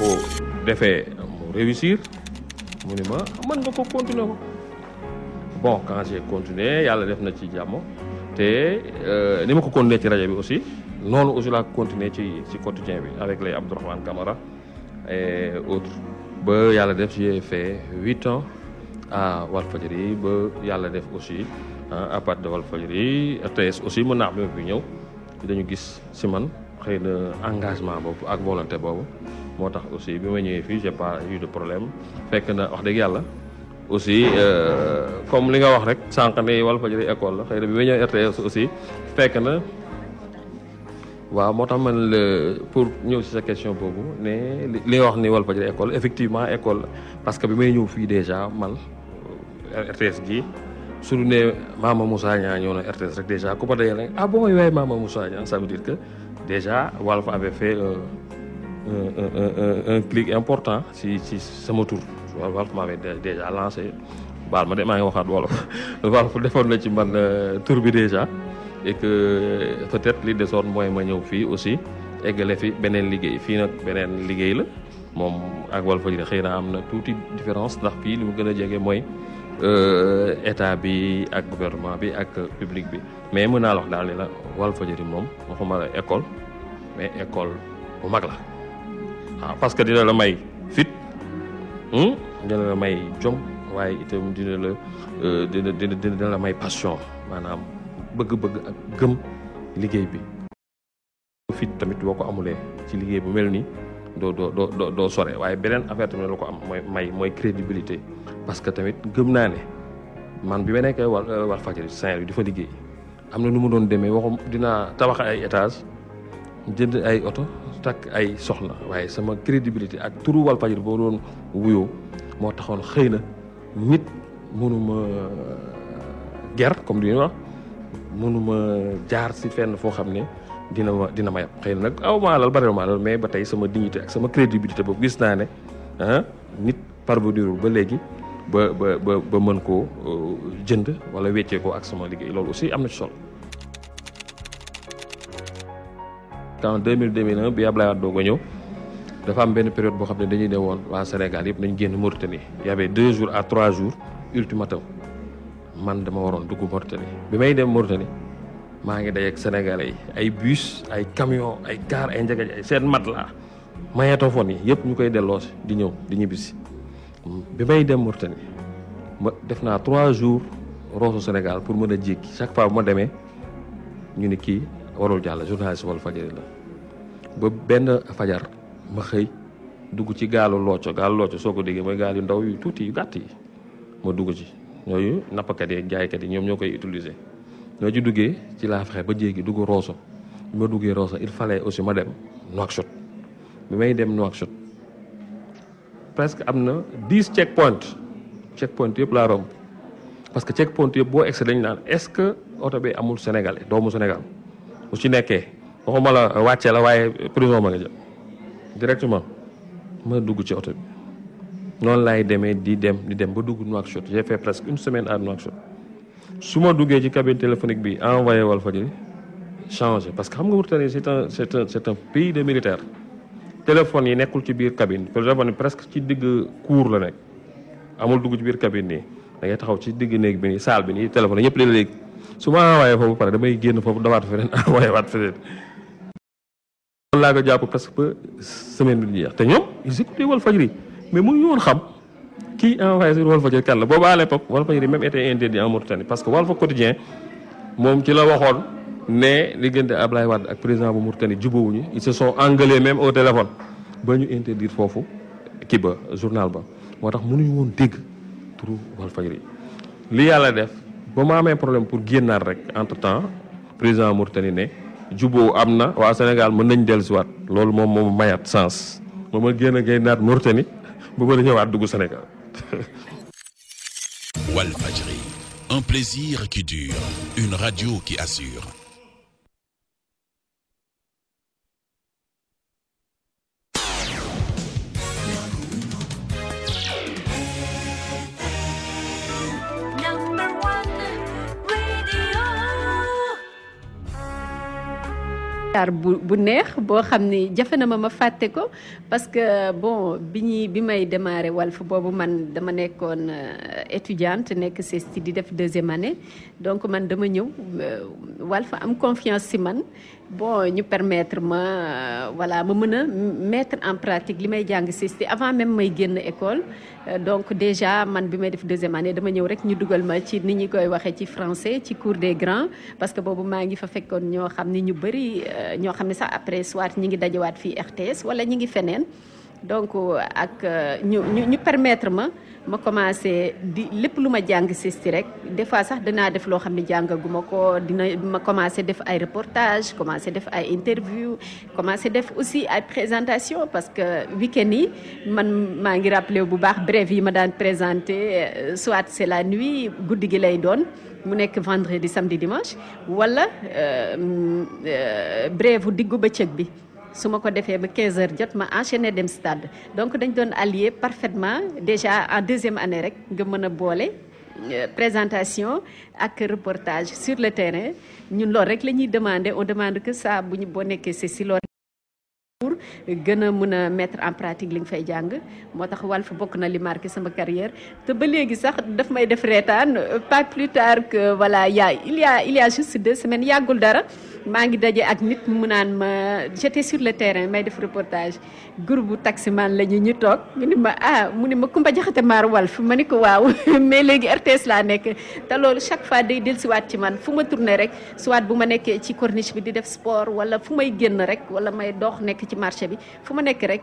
ko defee mu réussir mu ni ma man nga ko continuer ko bon cangé j'ai yàlla def na ci jàmm te euh, ni ma ko continuer ci rajo bi aussi noonu aussi laa continuer ci ci quotidien bi avec les Abdourahmane Camara et autres ba yàlla def j'ai fait huit ans à Walfadjri ba yàlla def aussi à partir de Walfadjri RTS aussi mën naax am bi ñëw dañu gis si man xëy na engagement boobu ak volonté boobu moo tax aussi bi ma ñëwee fii j'ai pas eu de problème fekk na wax dëgg yàlla aussi euh, comme li nga wax rek sànq ne Walfadjri école la xëy na bi ma ñëwee fekk na waaw moo tax man pour ñëw ci sa question boobu ne li nga wax ni Walfadjri école effectivement école parce que bi may ñëw fii déjà man euh, RTS gi su ñu nee Mama Moussa Niang ñëw na RTS rek déjà ku ko dajale ah bon waaye Mama Moussa Niang ça dire que déjà Walf avait fait. un clic important si ci sama tur Walf m'avait déjà lancé baal ma de maa ngi waxaat wolof Walf defoon na ci man euh, tur bi déjà et que peut-être li desoon mooy ma ñëw fii aussi eggale fi beneen liggéey fii nag beneen liggéey la moom ak Walfadjri xëy na am na tuuti différence ndax fii li mu gën a jege mooy euh, état bi ak gouvernement bi ak public bi mais mën naa wax daal wal la Walfadjri moom waxuma la école mais école bu mag la ah parce que dina la may fit hmm? dina la may jom waaye itam dina la euh, dina dina dina la may passion maanaam bëgg-bëgg ak gëm liggéey bi. fit tamit boo ko amulee ci liggéey bu mel nii doo doo doo doo sore waaye beneen affaire tamit la ko am mooy may mooy crédibilité parce que tamit gëm naa ne man bi ma nekkee war euh, war fajari Saint-Louis di fa liggéey am na nu mu doon demee waxum dina tabax ay étage jënd ay oto takk ay soxna waaye sama crédibilité ak turu Walfadjri boo doon wuyoo moo taxoon xëy na nit mënuma euh, ger comme li ñuy wax mënuma jaar si fenn foo xam ne dina ma dina ma yab xëy na nag aw ma alal bari ma mais ba tey sama dingité ak sama crédibilité boobu gis naa ne ah nit parvenirul ba léegi ba ba ba mën koo euh, jënd wala weccee ko ak sama liggéey loolu aussi am na ci solo. en 2000 2001 bi Ablaye Wade doog a ñëw am benn période boo xam ne dañuy ne woon waa yëpp nañ génn Mauritanie y avait deux jours à trois man dama waroon dugg Mauritanie bi may dem Mauritanie maa ngi day ak Sénégalais ay bus ay camion ay car ay njëgaj seen matelas magnétophone yëpp ñu koy delloo di ñëw di ñibbisi bi dem Mauritanie ma def naa trois jours roosu Sénégal pour mën a jéggi chaque fois bu ma demee ñu ne kii warul jàll journaliste wal fajari la ba benn fajar ma xëy dugg ci gaalu looco gaalu looco soo ko déggee mooy gaal yu ndaw yu tuuti yu gàtt yi ma dugg ci ñooyu nappkat yi jaaykat yi ñoom ñoo koy utiliser ñoo ci duggee ci laa fexe ba jéegi dugg rooso bi ma duggee Rosso il fallait aussi ma dem Nouakchott bi may dem Nouakchott presque am na dix check point check point yëpp laa romb parce que check point yëpp boo egsi dañu naan est-ce que oto bi amul Sénégalais doomu Sénégal bu ci nekkee ma la wàccee la waaye prison ma nga jëm directement ma dugg ci oto bi noonu laay demee di dem di dem ba dugg Nouakchott j'ai fait presque une semaine à su ma duggee ci cabine téléphonique bi envoyé wal Walfadjri changé parce que xam nga Mauritanie c'est un c'est un c'est un pays de militaire téléphone yi nekkul ci biir cabine téléphone presque ci digg cour la nekk amul dugg ci biir cabine nii da ngay taxaw ci digg néeg bi nii salle bi nii téléphone yëpp léeg léegi su ma envoyé foofu pare damay génn foofu dawaat feneen envoyé waat feneen. loolu laa ko jàpp presque ba semaine bi ñu jeex te ñoom ils écoutaient Walfadjri mais mënuñu woon xam kii envoyé sur Walfadjri kan la boobu à l'époque Walfadjri même était interdit en Mauritanie parce que Walf Quotidien moom ci la waxoon ne diggante Ablaye Wade ak président bu wu ñu ils se sont engueulés même au téléphone ba ñu interdire foofu kii ba journal ba moo tax mënuñu woon dégg turu Walfadjri li yàlla def. ba ma amee problème pour génnaat rek entre temps président Mourtani ne juboo am na waa Sénégal mën nañ dellusiwaat loolu moom moom mayaat sens ba ma génn génnaat Mourtani ba mën a ñëwaat dugg Sénégal. Walfadjri, un plaisir qui dure, une radio qui assure. ar bu neex boo xam ne jafe na ma ma fàtte ko parce que bon bi ñuy bi may démarrer Walf boobu man dama nekkoon euh, étudiante nekk CESTI di def deuxième année donc man dama ñëw euh, Walf am confiance si man bon ñu permettre ma voilà ma mën a mettre en pratique li may jàng si avant même may génn école euh, donc déjà man bi may def deuxième année dama ñëw rek ñu dugal ma ci ni ñu koy waxee ci français ci cours des grands parce que boobu maa ngi fa fekkoon ñoo xam ni ñu bëri euh, ñoo xam ne sax après soir ñi ngi dajewaat fii RTS wala ñi ngi feneen donc euh, ak euh, ñu ñu permettre ma ma commencé di lépp lu ma jàng sisti rek des fois sax danaa def loo xam ne jàngaguma ko dina ma commencé def ay reportage commencé def ay interview commencé def aussi ay présentation parce que week-end yi man maa ngi rappelé bu baax brève yi ma daan présenté euh, soit c'est la nuit guddi gi lay doon mu nekk vendredi samedi dimanche wala brève diggu cëg bi su ma ko defee ba quinze h jot ma enchaîner dem stade donc dañ doon allier parfaitement déjà en deuxième année rek nga mën boole euh, présentation ak reportage sur le terrain ñun loolu rek la ñuy demander on demander que ça bu ñu boo nekkee c'est si loolu pour gën a mën a mettre en pratique li nga fay jàng moo tax fu bokk na li marqué sama carrière te ba léegi sax daf may def reetaan euh, pas plus tard que voilà il y a il y a juste deux semaines yàggul dara maa ngi daje ak nit mu naan ma j'étais sur le terrain may def reportage groupe bu taximan la ñi ñu toog mu ni ma ah mu ni ma Kumba Jaxate maar fu ma ni ko waaw mais léegi RTS laa nekk te loolu chaque fois day siwaat ci man fu ma tourné rek soit bu ma nekkee ci corniche bi di def sport wala fu may génn rek wala may dox nekk ci marché bi fu ma nekk rek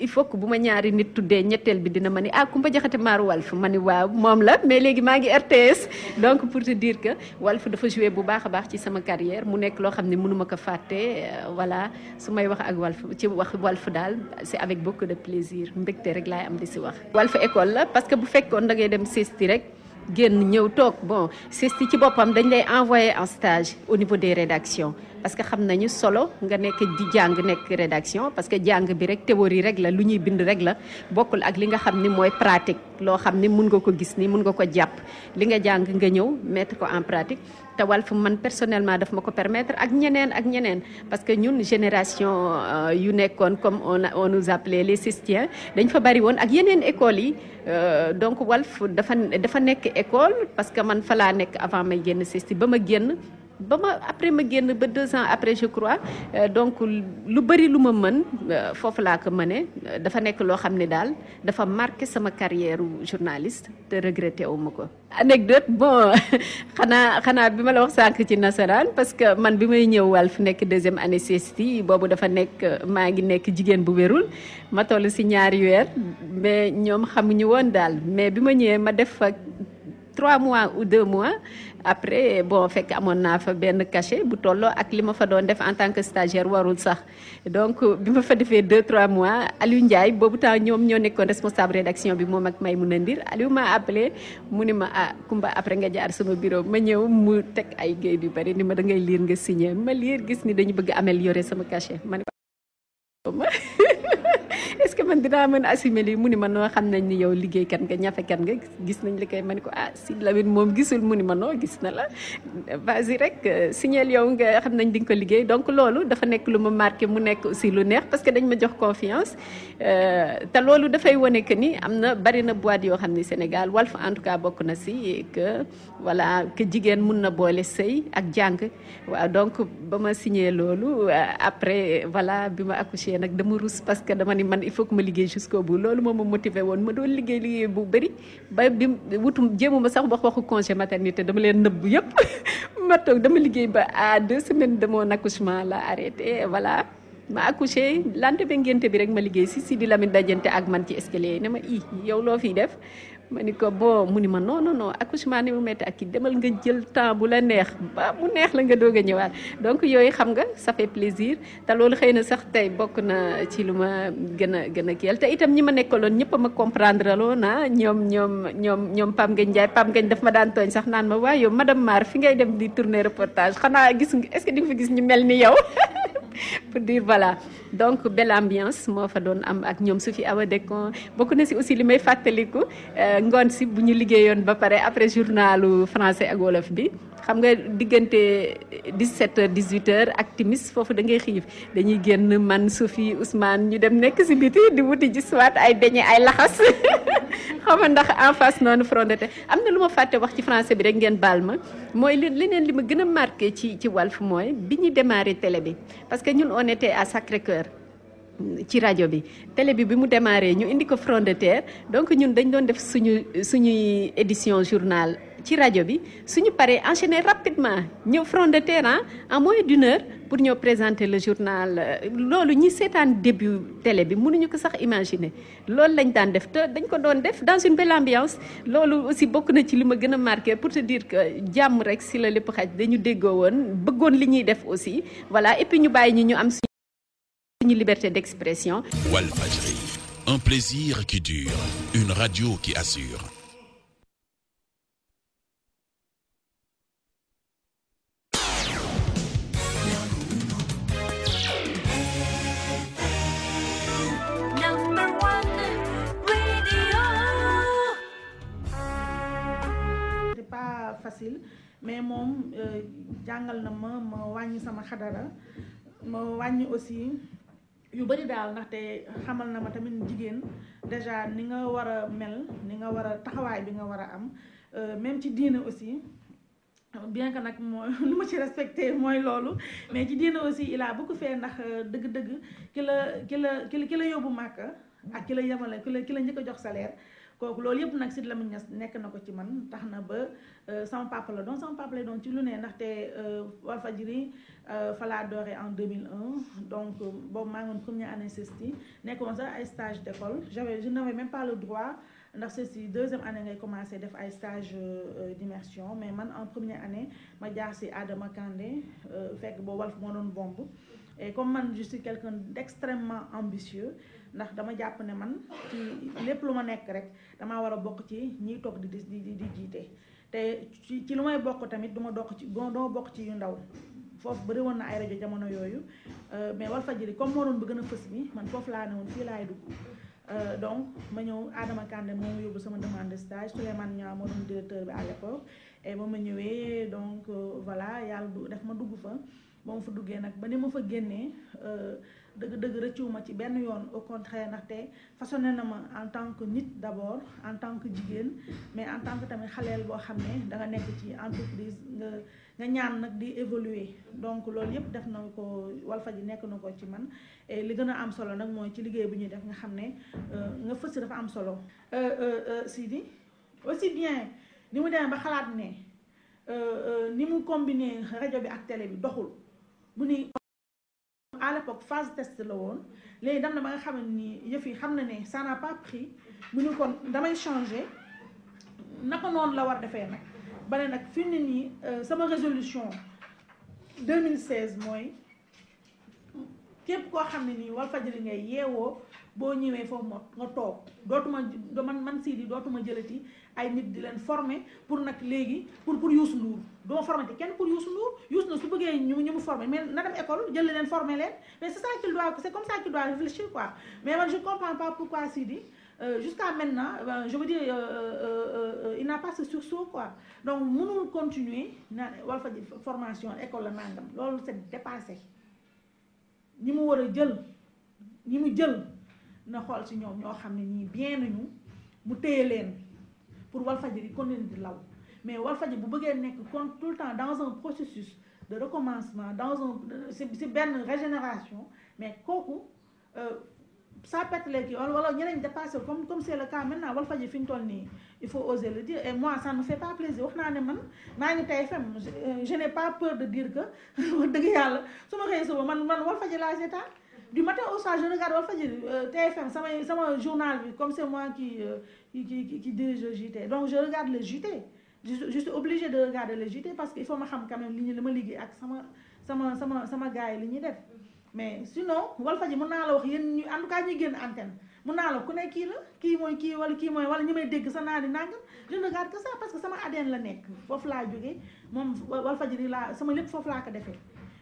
il faut que bu ma ñaari nit tuddee ñetteel bi dina ma ni ah Kumba Jaxate Maaru Walf ma ni waaw moom la mais léegi maa ngi RTS donc pour te dire que Walf dafa joué bu baax a baax ci sama carrière mu nekk loo xam ne mënuma ko fàtte euh, voilà su may wax ak Walf ci wax Walf daal c'est avec beaucoup de plaisir mbégte rek laay am di si wax. Walf école la parce que bu fekkoon da ngay dem CESTI rek. génn ñëw toog bon CESTI ci boppam dañ lay envoyé en au niveau des rédactions parce que xam nañu solo nga nekk di jàng nekk rédaction parce que jàng bi rek théorie rek la lu ñuy bind rek la bokkul ak li nga xam ni mooy pratique loo xam ni mun nga ko gis ni mun nga ko jàpp li nga jàng nga ñëw mettre ko en pratique te Walf man personnellement daf ma ko permettre ak ñeneen ak ñeneen parce que ñun génération euh, yu nekkoon comme on on nous appelait les sistiens dañ fa bari woon ak yeneen écoles yi euh, donc Walf dafa dafa nekk école parce que man fa nekk avant may génn sisti ba ma génn ba ma après ma génn ba deux ans après je crois euh, donc lu bëri lu ma mën euh, foofu laa ko mëne euh, dafa nekk loo xam ne daal dafa marqué sama carrière journaliste te regretté wu ma ko. anecdote bon xanaa xanaa bi ma la wax sànq ci nasaraan parce que man bi may ñëw fu nekk deuxième année CST boobu dafa nekk maa ngi nekk jigéen bu wérul ma toll si ñaari weer mais ñoom xamuñu woon daal mais bi ma ñëwee ma def fa trois mois ou deux mois après bon fekk amoon naa fa benn cachet bu tolloo ak li ma fa doon def en tant que stagiaire warul sax donc bi ma fa defee deux trois mois Aliou Ndiaye boobu temps ñoom ñoo nekkoon responsable rédaction bi moom ak mu Ndir Aliou maa appelé mu ni ma ah Kumba après nga jaar sama bureau ma ñëw mu teg ay géej yu bari ni ma da ngay liir nga signé ma liir gis ni dañu bëgg améliorer sama cachet est-ce que man dinaa mën a assumer lii mu ni ma noo xam nañ ni yow liggéeykat nga ñafekat nga gis nañ li koy ma ni ko ah si lawin moom gisul mu ni ma noo gis na la ba y rek euh, signal yow nga xam nañ di nga ko liggéey donc loolu dafa nekk lu ma marqué mu nekk aussi lu neex parce que dañ ma jox confiance euh, te loolu dafay wane que ni am na bari na boîte yoo xam ni Sénégal Walf en tout cas bokk na si que voilà que jigéen mun na boole sëy ak jàng waaw donc ba ma signé loolu euh, après voilà bi ma accouché liggéeyee nag dama rus parce que dama ni man il faut que ma liggéey jusqu'au bout loolu moom ma motivé woon ma doon liggéey liggéey bu bëri ba bi wutum jéemuma sax wax waxu congé maternité dama leen nëbb yëpp ma toog dama liggéey ba à deux semaines nag mon accouchement la arrêté voilà ma accouché lante ba ngénte bi rek ma liggéey si si di Lamine dajante ak man ci escalier yi ne ma i yow loo fiy def ma ni ko boo mu ni ma non non non accouchement ni mu métti ak ki demal nga jël temps bu la neex ba mu neex la nga doog a ñëwaat donc yooyu xam nga ça fait plaisir te loolu xëy na sax tey bokk na ci lu ma gën a gën a kiyal te itam ñi ma nekkaloon ñëpp ma comprendre loon ah ñoom ñoom ñoom ñoom Pam Ngañ Njaay Pam Ngañ daf ma daan tooñ sax naan ma waaye yow madame Mar fi ngay dem di tourner reportage xanaa gis est-ce di nga fi gis ñu mel ni yow pour dire voilà donc belle ambiance moo fa doon am ak ñoom su fi awa dekkoon bokk na si aussi li may fàttaliku euh, ngoon si bu ñu liggéeyoon ba pare après journalu français ak wolof bi xam nga diggante di heures 18 heures ak timis foofu da ngay xiif dañuy génn man Sophie Ousmane ñu dem nekk si biti di wuti ji soit ay beñe ay laxas xam ndax en face noonu fronté am na lu ma fàtte wax ci français bi rek ngeen baal ma mooy li neen li ma gën a marqué ci ci Walf mooy bi ñu démarré télé bi parce que ñun on était à sacre cœur ci rajo bi télé bi bi mu démarré ñu indi ko front de terre donc ñun dañ doon def suñu suñuy édition journal ci rajo bi suñu paree enchaîner rapidement ñëw front de terre en moins d'une pour ñoo présenter le journal loolu ñi seetaan début télé bi mënuñu ko sax imaginer loolu lañ daan def te dañ ko doon def dans une belle ambiance loolu aussi bokk na ci li ma gën a marqué pour te dire que jàmm rek si la lépp xaj dañu déggoo woon bëggoon li ñuy def aussi voilà et puis ñu bàyyi ñu ñu am suñu liberté d'expression. Walfadjri, un plaisir qui dure, une radio qui assure. mais moom euh, jàngal na ma ma wàññi sama xadara ma wàññi aussi yu bari daal ndaxte xamal na ma tamit jigéen déjà ni nga war a mel ni nga war a taxawaay bi nga war a am euh, même ci diina aussi bien que nag moo lu ma ci respecter mooy loolu mais ci diina aussi il a beaucoup fait ndax euh, dëgg-dëgg ki la ki la ki la yóbbu màkk ak ki la yemale ki la ki la njëkk jox salaire kooku loolu yëpp nag Sidy Lamine Niass nekk na ko ci man tax na ba euh, sama papa la doon sama papa la doon ci lu ne ndaxte euh, Walfadjri euh, fa laa dooree en 2001 donc boobu maa ngi woon première anesthésie nekk woon sax ay stage d' école j'avais na n'avais même pas le droit ndax ceci deuxième année ngay commencé def ay stage d'immersion mais man en première année ma jaar si Adama Kandé fekk boobu Walf moo doon bomb et comme man je suis quelqu'un d'extrêmement ambitieux ndax dama jàpp ne man ci lépp lu ma nekk rek damaa war a bokk ci ñiy toog di di di di jiite te ci ci lu may bokk tamit du dokk ci duma bokk ci yu ndaw foofu bëri woon na ay rajo jamono yooyu euh, mais wal Walfadjri comme moo doon bu gën a fës bi man foofu laa ne woon fii laay dugg euh, donc ma ñëw Adama Kandé moom ma yóbbu sama demande de stage Souleymane Niang moo doon directeur bi à l'époque et ma ñëwee donc euh, voilà yàlla def ma dugg ba ma fa duggee nag ba ni ma fa génnee euh, dëgg-dëgg rëccuwuma ci benn yoon au contraire te façonne na ma en tant que nit d'abord en tant que jigéen mais en tant que tamit xaleel boo xam ne da nekk ci entreprise nga ñaan nag di évoluer donc loolu yëpp def na ko Walfadjri nekk na ko ci man li gën a am solo nag mooy ci liggéey bi ñuy def nga xam ne euh, nga fës dafa am solo. Euh, Sidi aussi bien ni mu demee ba xalaat ne ni mu combiné rajo bi ak télé bi doxul. bu ni à l'époque phase test la woon léegi dem na ba nga xam ne ni yëf yi xam na ne ça n'a pas pris mu ni kon damay changer naka noonu la war defee nag ba ne nag fi mu ne nii euh, sama résolution 2016 mooy. képp koo xam ne nii Walfadjri ngay yeewoo boo ñëwee foofu ma nga toog dootuma man man sii di dootuma jëlati ay nit di leen former pour nag léegi pour pour Youssou Ndour doo former te kenn pour Youssou Ndour Youssou Ndour su bëggee ñu ñu mu former mais na école jël leen former leen mais c'est ça qu'il doit c'est comme ça qu'il doit réfléchir quoi mais man je comprends pas pourquoi sii di Euh, jusqu'à maintenant euh, je veux dire euh, euh, euh, il n'a pas ce sursaut quoi donc mënul continuer naan Walfadjri formation école la loolu c'est dépassé ñi mu war a jël ñi mu jël na xool si ñoom ñoo xam ne ñii bien nañu mu téye leen pour Walfadjri continuer di law mais Walfadjri bu bëggee nekk kon tout le temps dans un processus de recommencement dans un ci benn régénération mais kooku euh, sa pète les gueules wala ñeneen dépassé comme comme c'est le cas maintenant Walfadjri fi ñu toll nii il faut oser le dire et moi ça ne fait pas plaisir wax naa ne man maa ngi tey FM euh, je n'ai pas peur de dire que wax dëgg yàlla su ma xëyee suba man man Walfadjri laa seetaan du matin au soir je regarde Walfadjri euh, TFM sama sama journal bi comme c'est moi qui euh, qui qui dirige le JT donc je regarde le JT je suis de regarder le JT parce que il faut ma xam quand même li ñu li ma liggéey ak sama sama sama sama gars yi li ñuy def mais sinon Walfadjri mën naa la wax yéen ñu en tout cas ñuy génn antenne mën naa la ku ne kii la kii mooy kii wala kii mooy wala ñu may dégg sa naa di nangam je ne regarde que parce que sama ADN la nekk foofu laa jógee moom Walfadjri laa sama lépp foofu laa ko defee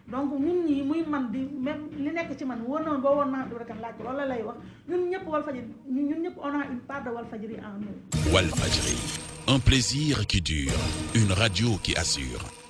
donc ñun ñi muy man di même li nekk ci man wóor na woon maa du rakan laaj ko loolu lay wax ñun ñëpp Walfadjri ñun ñëpp on a une part de Walfadjri en nous. Walfadjri un plaisir qui dure une radio qui assure.